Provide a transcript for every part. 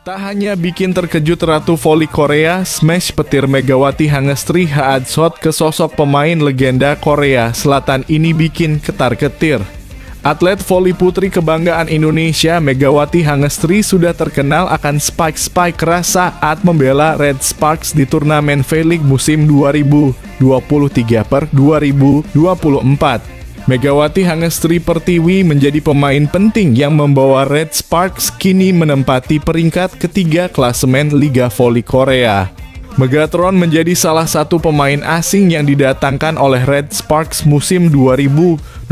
Tak hanya bikin terkejut Ratu Voli Korea, smash petir Megawati Hangestri Haad ke sosok pemain legenda Korea Selatan ini bikin ketar-ketir. Atlet voli putri kebanggaan Indonesia Megawati Hangestri sudah terkenal akan spike-spike keras saat membela Red Sparks di turnamen V-League musim 2023 per 2024. Megawati Hangestri Pertiwi menjadi pemain penting yang membawa Red Sparks kini menempati peringkat ketiga klasemen Liga Voli Korea. Megatron menjadi salah satu pemain asing yang didatangkan oleh Red Sparks musim 2023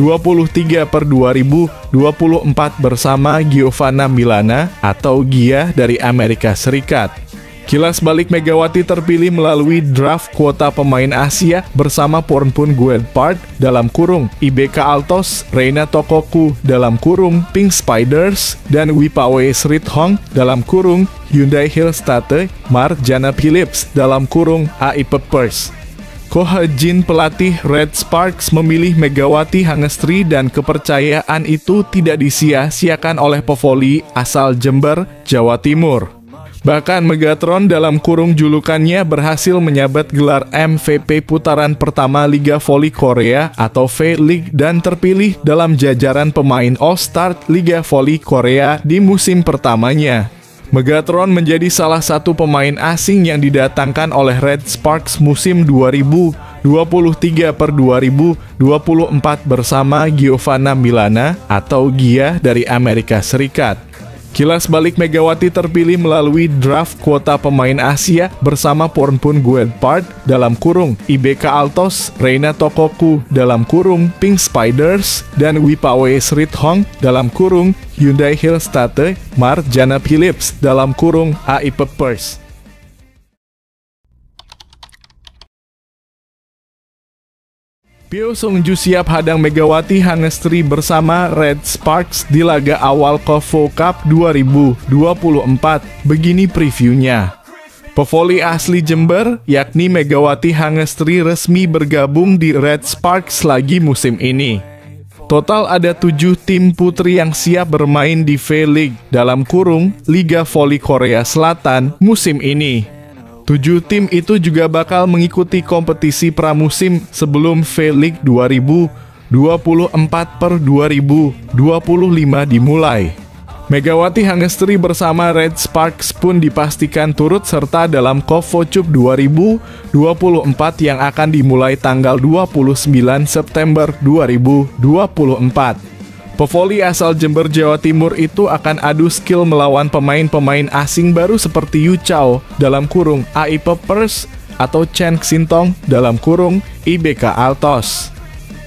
per 2024 bersama Giovanna Milana atau Gia dari Amerika Serikat. Kilas balik Megawati terpilih melalui draft kuota pemain Asia bersama Pornpun Part dalam kurung, IBK Altos, Reina Tokoku dalam kurung, Pink Spiders, dan Wipawe Hong dalam kurung, Hyundai Hillstate, Jana Phillips dalam kurung, AI Peppers. Jin pelatih Red Sparks memilih Megawati Hangestri dan kepercayaan itu tidak disia-siakan oleh pevoli asal Jember, Jawa Timur. Bahkan Megatron dalam kurung julukannya berhasil menyabet gelar MVP putaran pertama Liga Voli Korea atau V-League dan terpilih dalam jajaran pemain All-Star Liga Voli Korea di musim pertamanya. Megatron menjadi salah satu pemain asing yang didatangkan oleh Red Sparks musim 2023 per 2024 bersama Giovanna Milana atau Gia dari Amerika Serikat. Kilas balik Megawati terpilih melalui draft kuota pemain Asia bersama Pornpun Gwen Part dalam kurung, IBK Altos, Reina Tokoku dalam kurung, Pink Spiders, dan Wipawe Srit Hong dalam kurung, Hyundai Hillstate, Marjana Phillips dalam kurung, AI Peppers. Pio Sungju siap hadang Megawati Hangestri bersama Red Sparks di laga awal Kofo Cup 2024. Begini previewnya. Pevoli asli Jember, yakni Megawati Hangestri resmi bergabung di Red Sparks lagi musim ini. Total ada tujuh tim putri yang siap bermain di V-League dalam kurung Liga Voli Korea Selatan musim ini. Tujuh tim itu juga bakal mengikuti kompetisi pramusim sebelum V-League 2024 per 2025 dimulai. Megawati Hangestri bersama Red Sparks pun dipastikan turut serta dalam Kofo Cup 2024 yang akan dimulai tanggal 29 September 2024. Pevoli asal Jember, Jawa Timur itu akan adu skill melawan pemain-pemain asing baru seperti Yu Chao dalam kurung AI Peppers atau Chen Xintong dalam kurung IBK Altos.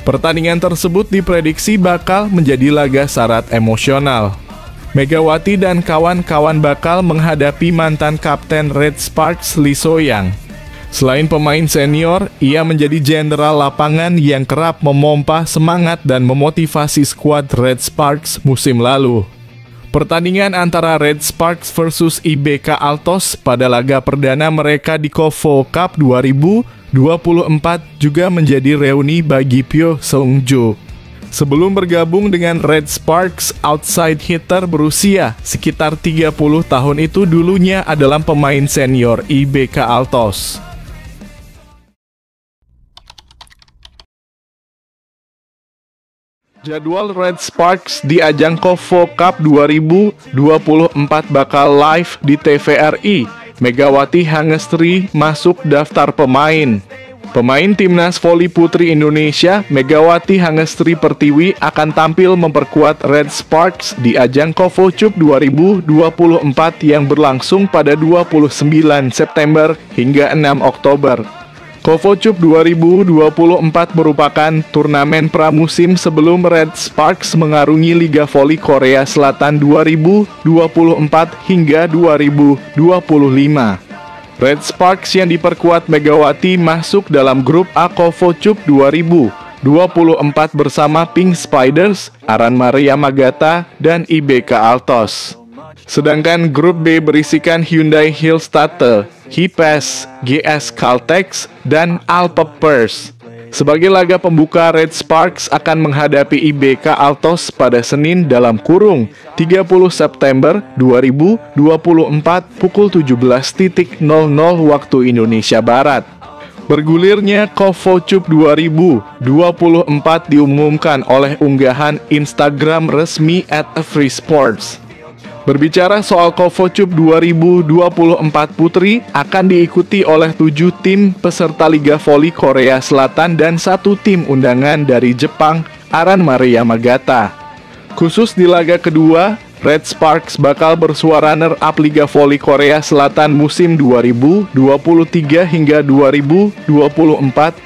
Pertandingan tersebut diprediksi bakal menjadi laga syarat emosional. Megawati dan kawan-kawan bakal menghadapi mantan kapten Red Sparks Lee Soyang Selain pemain senior, ia menjadi jenderal lapangan yang kerap memompa semangat dan memotivasi skuad Red Sparks musim lalu. Pertandingan antara Red Sparks versus IBK Altos pada laga perdana mereka di Kovo Cup 2024 juga menjadi reuni bagi Pyo Seungjo. Sebelum bergabung dengan Red Sparks, outside hitter berusia sekitar 30 tahun itu dulunya adalah pemain senior IBK Altos. Jadwal Red Sparks di ajang Kovo Cup 2024 bakal live di TVRI. Megawati Hangestri masuk daftar pemain. Pemain timnas voli putri Indonesia, Megawati Hangestri Pertiwi akan tampil memperkuat Red Sparks di ajang Kovo Cup 2024 yang berlangsung pada 29 September hingga 6 Oktober. Kovo Cup 2024 merupakan turnamen pramusim sebelum Red Sparks mengarungi Liga Voli Korea Selatan 2024 hingga 2025. Red Sparks yang diperkuat Megawati masuk dalam grup A Kovo Cup 2024 bersama Pink Spiders, Aran Maria Magata, dan IBK Altos. Sedangkan grup B berisikan Hyundai Hill Hillstatter, HIPES, GS Caltex, dan Pers. Sebagai laga pembuka, Red Sparks akan menghadapi IBK Altos pada Senin dalam kurung 30 September 2024 pukul 17.00 waktu Indonesia Barat. Bergulirnya Kofo Cup 2024 diumumkan oleh unggahan Instagram resmi at Free Sports. Berbicara soal Kovocup 2024 Putri akan diikuti oleh tujuh tim peserta Liga Voli Korea Selatan dan satu tim undangan dari Jepang, Aran Maria Magata. Khusus di laga kedua, Red Sparks bakal bersuara runner up Liga Voli Korea Selatan musim 2023 hingga 2024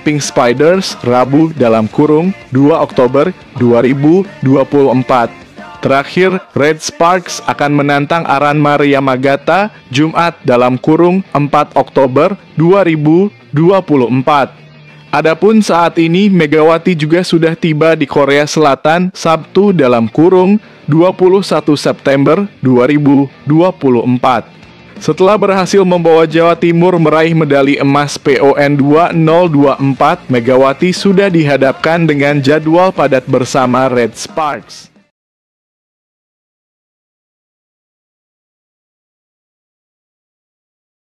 Pink Spiders Rabu dalam kurung 2 Oktober 2024 Terakhir, Red Sparks akan menantang Aran Maria Magata Jumat dalam kurung 4 Oktober 2024. Adapun saat ini Megawati juga sudah tiba di Korea Selatan Sabtu dalam kurung 21 September 2024. Setelah berhasil membawa Jawa Timur meraih medali emas PON 2024, Megawati sudah dihadapkan dengan jadwal padat bersama Red Sparks.